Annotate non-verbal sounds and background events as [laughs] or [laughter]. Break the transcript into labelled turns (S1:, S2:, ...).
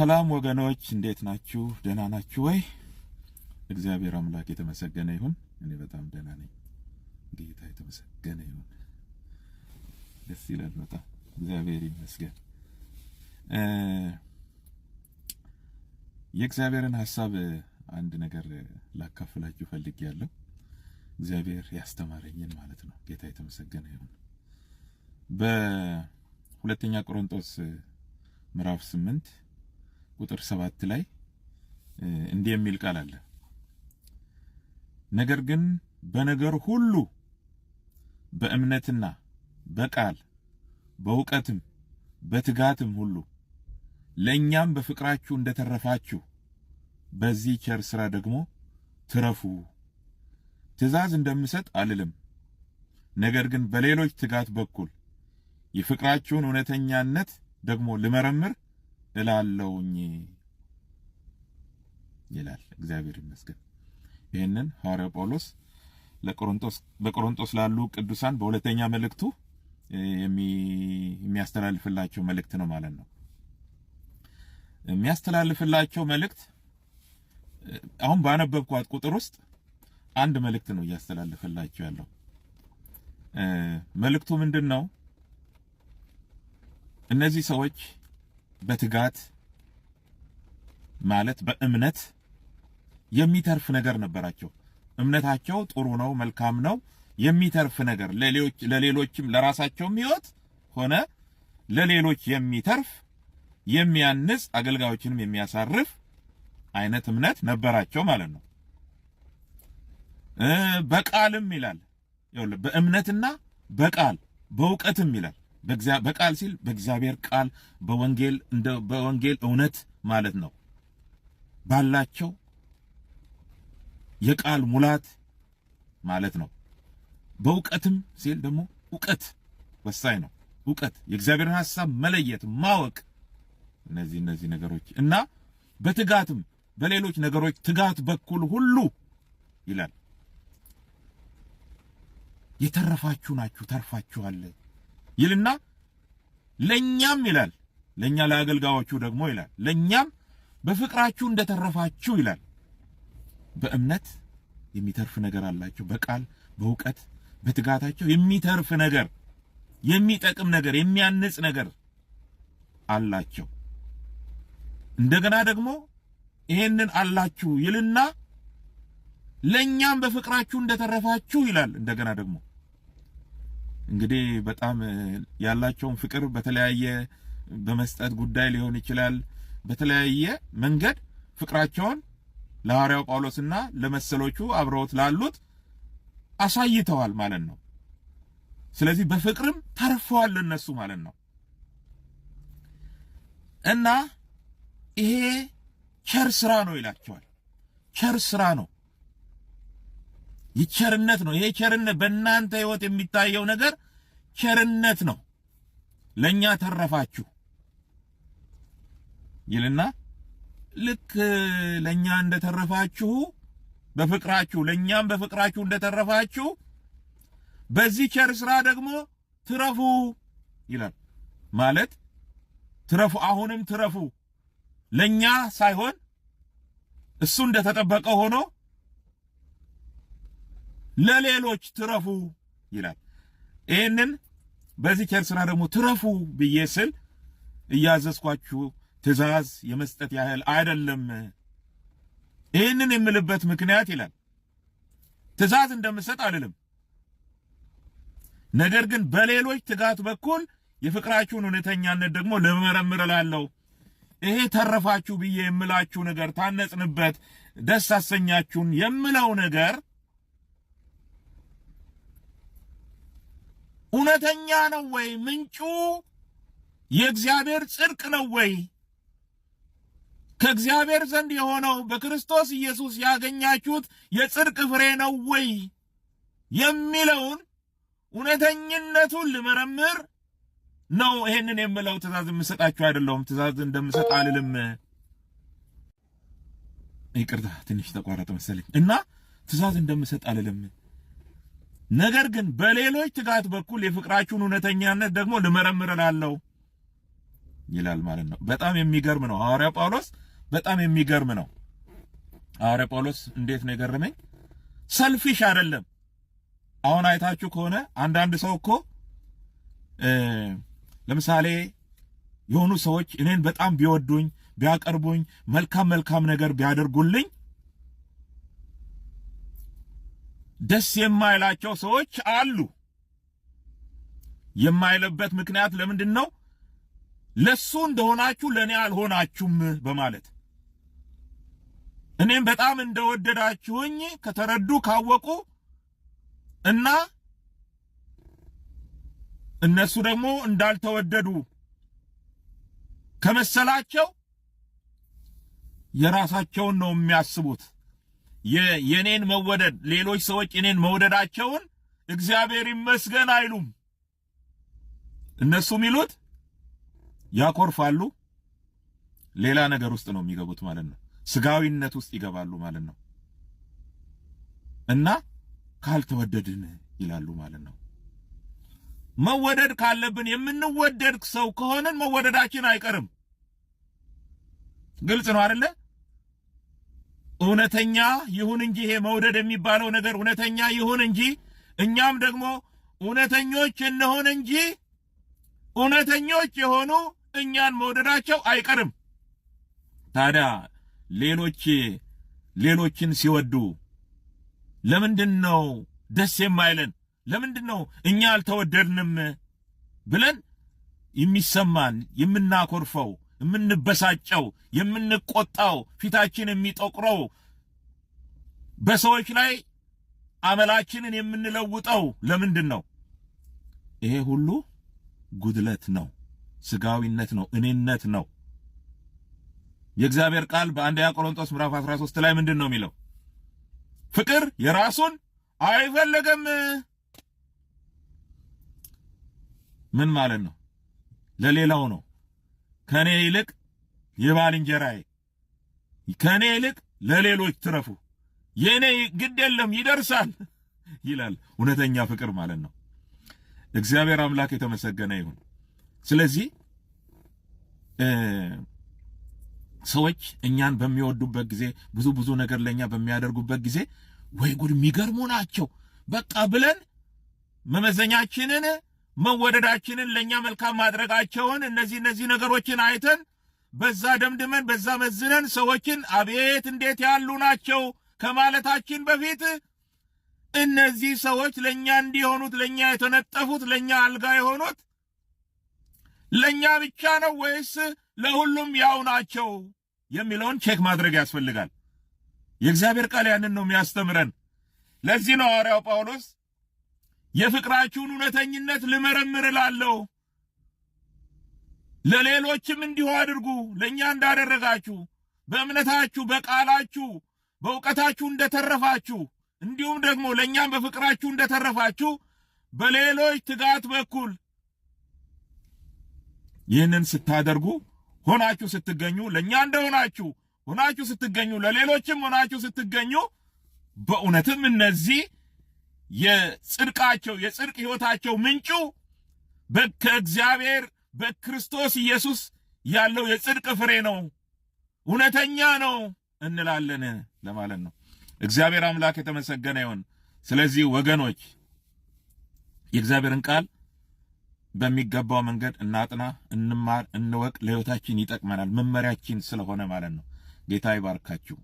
S1: ሰላም ወገኖች እንዴት ናችሁ? ደህና ናችሁ ወይ? እግዚአብሔር አምላክ የተመሰገነ ይሁን። እኔ በጣም ደህና ነኝ። ጌታ የተመሰገነ ይሁን። ደስ ይላል በጣም እግዚአብሔር ይመስገን። የእግዚአብሔርን ሀሳብ አንድ ነገር ላካፍላችሁ ፈልጌያለሁ። እግዚአብሔር ያስተማረኝን ማለት ነው። ጌታ የተመሰገነ ይሁን። በሁለተኛ ቆሮንቶስ ምዕራፍ ስምንት ቁጥር ሰባት ላይ እንዲህ የሚል ቃል አለ። ነገር ግን በነገር ሁሉ በእምነትና በቃል በእውቀትም በትጋትም ሁሉ ለእኛም በፍቅራችሁ እንደተረፋችሁ በዚህ ቸር ስራ ደግሞ ትረፉ። ትእዛዝ እንደምሰጥ አልልም፣ ነገር ግን በሌሎች ትጋት በኩል የፍቅራችሁን እውነተኛነት ደግሞ ልመረምር እላለውኝ ይላል። እግዚአብሔር ይመስገን። ይህንን ሐዋርያው ጳውሎስ ለቆሮንቶስ በቆሮንቶስ ላሉ ቅዱሳን በሁለተኛ መልእክቱ የሚያስተላልፍላቸው መልእክት ነው ማለት ነው። የሚያስተላልፍላቸው መልእክት አሁን ባነበብኳት ቁጥር ውስጥ አንድ መልእክት ነው እያስተላልፍላቸው ያለው። መልእክቱ ምንድን ነው? እነዚህ ሰዎች በትጋት ማለት በእምነት የሚተርፍ ነገር ነበራቸው። እምነታቸው ጥሩ ነው፣ መልካም ነው፣ የሚተርፍ ነገር ለሌሎች ለሌሎችም ለራሳቸውም ሕይወት ሆነ ለሌሎች የሚተርፍ የሚያንጽ አገልጋዮችንም የሚያሳርፍ አይነት እምነት ነበራቸው ማለት ነው። በቃልም ይላል በእምነትና በቃል በእውቀትም ይላል በቃል ሲል በእግዚአብሔር ቃል በወንጌል እንደ በወንጌል እውነት ማለት ነው። ባላቸው የቃል ሙላት ማለት ነው። በእውቀትም ሲል ደግሞ እውቀት ወሳኝ ነው። እውቀት የእግዚአብሔርን ሐሳብ መለየት ማወቅ፣ እነዚህ እነዚህ ነገሮች እና በትጋትም በሌሎች ነገሮች ትጋት በኩል ሁሉ ይላል የተረፋችሁ ናችሁ፣ ተርፋችኋል። ይልና ለኛም ይላል ለኛ ለአገልጋዮቹ ደግሞ ይላል ለኛም በፍቅራችሁ እንደተረፋችሁ ይላል። በእምነት የሚተርፍ ነገር አላቸው። በቃል በእውቀት በትጋታቸው የሚተርፍ ነገር የሚጠቅም ነገር የሚያንጽ ነገር አላቸው። እንደገና ደግሞ ይሄንን አላችሁ ይልና ለኛም በፍቅራችሁ እንደተረፋችሁ ይላል። እንደገና ደግሞ እንግዲህ በጣም ያላቸውን ፍቅር በተለያየ በመስጠት ጉዳይ ሊሆን ይችላል፣ በተለያየ መንገድ ፍቅራቸውን ለሐዋርያው ጳውሎስና ለመሰሎቹ አብረውት ላሉት አሳይተዋል ማለት ነው። ስለዚህ በፍቅርም ተርፈዋል ለነሱ ማለት ነው እና ይሄ ቸር ስራ ነው ይላቸዋል። ቸር ስራ ነው ይቸርነት ነው። ይሄ ቸርነት በእናንተ ህይወት የሚታየው ነገር ቸርነት ነው። ለኛ ተረፋችሁ ይልና ልክ ለኛ እንደተረፋችሁ በፍቅራችሁ ለኛም በፍቅራችሁ እንደተረፋችሁ በዚህ ቸር ስራ ደግሞ ትረፉ ይላል። ማለት ትረፉ፣ አሁንም ትረፉ ለኛ ሳይሆን እሱ እንደተጠበቀ ሆኖ ለሌሎች ትረፉ ይላል። ይህንን በዚህ ቸር ስራ ደግሞ ትረፉ ብዬ ስል እያዘዝኳችሁ ትእዛዝ የመስጠት ያህል አይደለም። ይህንን የምልበት ምክንያት ይላል ትእዛዝ እንደምሰጥ አልልም። ነገር ግን በሌሎች ትጋት በኩል የፍቅራችሁን እውነተኛነት ደግሞ ልመረምር እላለሁ። ይሄ ተረፋችሁ ብዬ የምላችሁ ነገር ታነጽንበት፣ ደስ አሰኛችሁን የምለው ነገር እውነተኛ ነው ወይ? ምንጩ የእግዚአብሔር ጽድቅ ነው ወይ? ከእግዚአብሔር ዘንድ የሆነው በክርስቶስ ኢየሱስ ያገኛችሁት የጽድቅ ፍሬ ነው ወይ የሚለውን እውነተኝነቱን ልመረምር ነው። ይሄንን የምለው ትእዛዝ የምሰጣችሁ አይደለሁም። ትእዛዝ እንደምሰጥ አልልም። ይቅርታ ትንሽ ተቋረጠ መሰለኝ እና ትእዛዝ እንደምሰጥ አልልም። ነገር ግን በሌሎች ትጋት በኩል የፍቅራችሁን እውነተኛነት ደግሞ ልመረምር ይላል ማለት ነው። በጣም የሚገርም ነው። ሐዋርያ ጳውሎስ በጣም የሚገርም ነው። ሐዋርያ ጳውሎስ እንዴት ነው የገረመኝ? ሰልፊሽ አይደለም። አሁን አይታችሁ ከሆነ አንዳንድ ሰው እኮ ለምሳሌ የሆኑ ሰዎች እኔን በጣም ቢወዱኝ ቢያቀርቡኝ መልካም መልካም ነገር ቢያደርጉልኝ ደስ የማይላቸው ሰዎች አሉ። የማይለበት ምክንያት ለምንድን ነው? ለሱ እንደሆናችሁ ለእኔ አልሆናችሁም በማለት እኔም በጣም እንደወደዳችሁኝ ከተረዱ ካወቁ እና እነሱ ደግሞ እንዳልተወደዱ ከመሰላቸው የራሳቸውን ነው የሚያስቡት። የኔን መወደድ ሌሎች ሰዎች እኔን መውደዳቸውን እግዚአብሔር ይመስገን አይሉም። እነሱ የሚሉት ያኮርፋሉ። ሌላ ነገር ውስጥ ነው የሚገቡት ማለት ነው። ስጋዊነት ውስጥ ይገባሉ ማለት ነው። እና ካልተወደድን ይላሉ ማለት ነው። መወደድ ካለብን የምንወደድ ሰው ከሆነን መወደዳችን አይቀርም። ግልጽ ነው አይደለ? እውነተኛ ይሁን እንጂ ይሄ መውደድ የሚባለው ነገር እውነተኛ ይሁን እንጂ እኛም ደግሞ እውነተኞች እንሆን እንጂ እውነተኞች የሆኑ እኛን መውደዳቸው አይቀርም። ታዲያ ሌሎች ሌሎችን ሲወዱ ለምንድን ነው ደስ የማይለን? ለምንድን ነው እኛ አልተወደድንም ብለን የሚሰማን የምናኮርፈው የምንበሳጨው፣ የምንቆጣው፣ ፊታችን የሚጠቁረው፣ በሰዎች ላይ አመላችንን የምንለውጠው ለምንድን ነው? ይሄ ሁሉ ጉድለት ነው፣ ስጋዊነት ነው፣ እኔነት ነው። የእግዚአብሔር ቃል በአንደኛ ቆሮንቶስ ምዕራፍ 13 ላይ ምንድን ነው የሚለው? ፍቅር የራሱን አይፈልግም። ምን ማለት ነው? ለሌላው ነው። ከኔ ይልቅ የባልንጀራዬ ከኔ ይልቅ ለሌሎች ትረፉ፣ የኔ ግድ የለም ይደርሳል [laughs] ይላል። እውነተኛ ፍቅር ማለት ነው። እግዚአብሔር አምላክ የተመሰገነ ይሁን። ስለዚህ ሰዎች እኛን በሚወዱበት ጊዜ ብዙ ብዙ ነገር ለእኛ በሚያደርጉበት ጊዜ ወይ ጉድ የሚገርሙ ናቸው በቃ ብለን መመዘኛችንን መወደዳችንን ለእኛ መልካም ማድረጋቸውን እነዚህ እነዚህ ነገሮችን አይተን በዛ ደምድመን በዛ መዝነን ሰዎችን አቤት እንዴት ያሉ ናቸው ከማለታችን በፊት እነዚህ ሰዎች ለእኛ እንዲሆኑት ለእኛ የተነጠፉት ለእኛ አልጋ የሆኑት ለእኛ ብቻ ነው ወይስ ለሁሉም ያው ናቸው የሚለውን ቼክ ማድረግ ያስፈልጋል። የእግዚአብሔር ቃል ያንን ነው የሚያስተምረን። ለዚህ ነው ሐዋርያው ጳውሎስ የፍቅራችሁን እውነተኝነት ልመረምር እላለሁ። ለሌሎችም እንዲሁ አድርጉ፣ ለእኛ እንዳደረጋችሁ በእምነታችሁ፣ በቃላችሁ፣ በእውቀታችሁ እንደተረፋችሁ እንዲሁም ደግሞ ለእኛም በፍቅራችሁ እንደተረፋችሁ በሌሎች ትጋት በኩል ይህንን ስታደርጉ ሆናችሁ ስትገኙ ለእኛ እንደሆናችሁ ሆናችሁ ስትገኙ ለሌሎችም ሆናችሁ ስትገኙ በእውነትም እነዚህ የጽድቃቸው የጽድቅ ህይወታቸው ምንጩ ከእግዚአብሔር በክርስቶስ ኢየሱስ ያለው የጽድቅ ፍሬ ነው፣ እውነተኛ ነው እንላለን ለማለት ነው። እግዚአብሔር አምላክ የተመሰገነ ይሁን። ስለዚህ ወገኖች የእግዚአብሔርን ቃል በሚገባው መንገድ እናጥና፣ እንማር፣ እንወቅ። ለህይወታችን ይጠቅመናል፣ መመሪያችን ስለሆነ ማለት ነው። ጌታ ይባርካችሁ።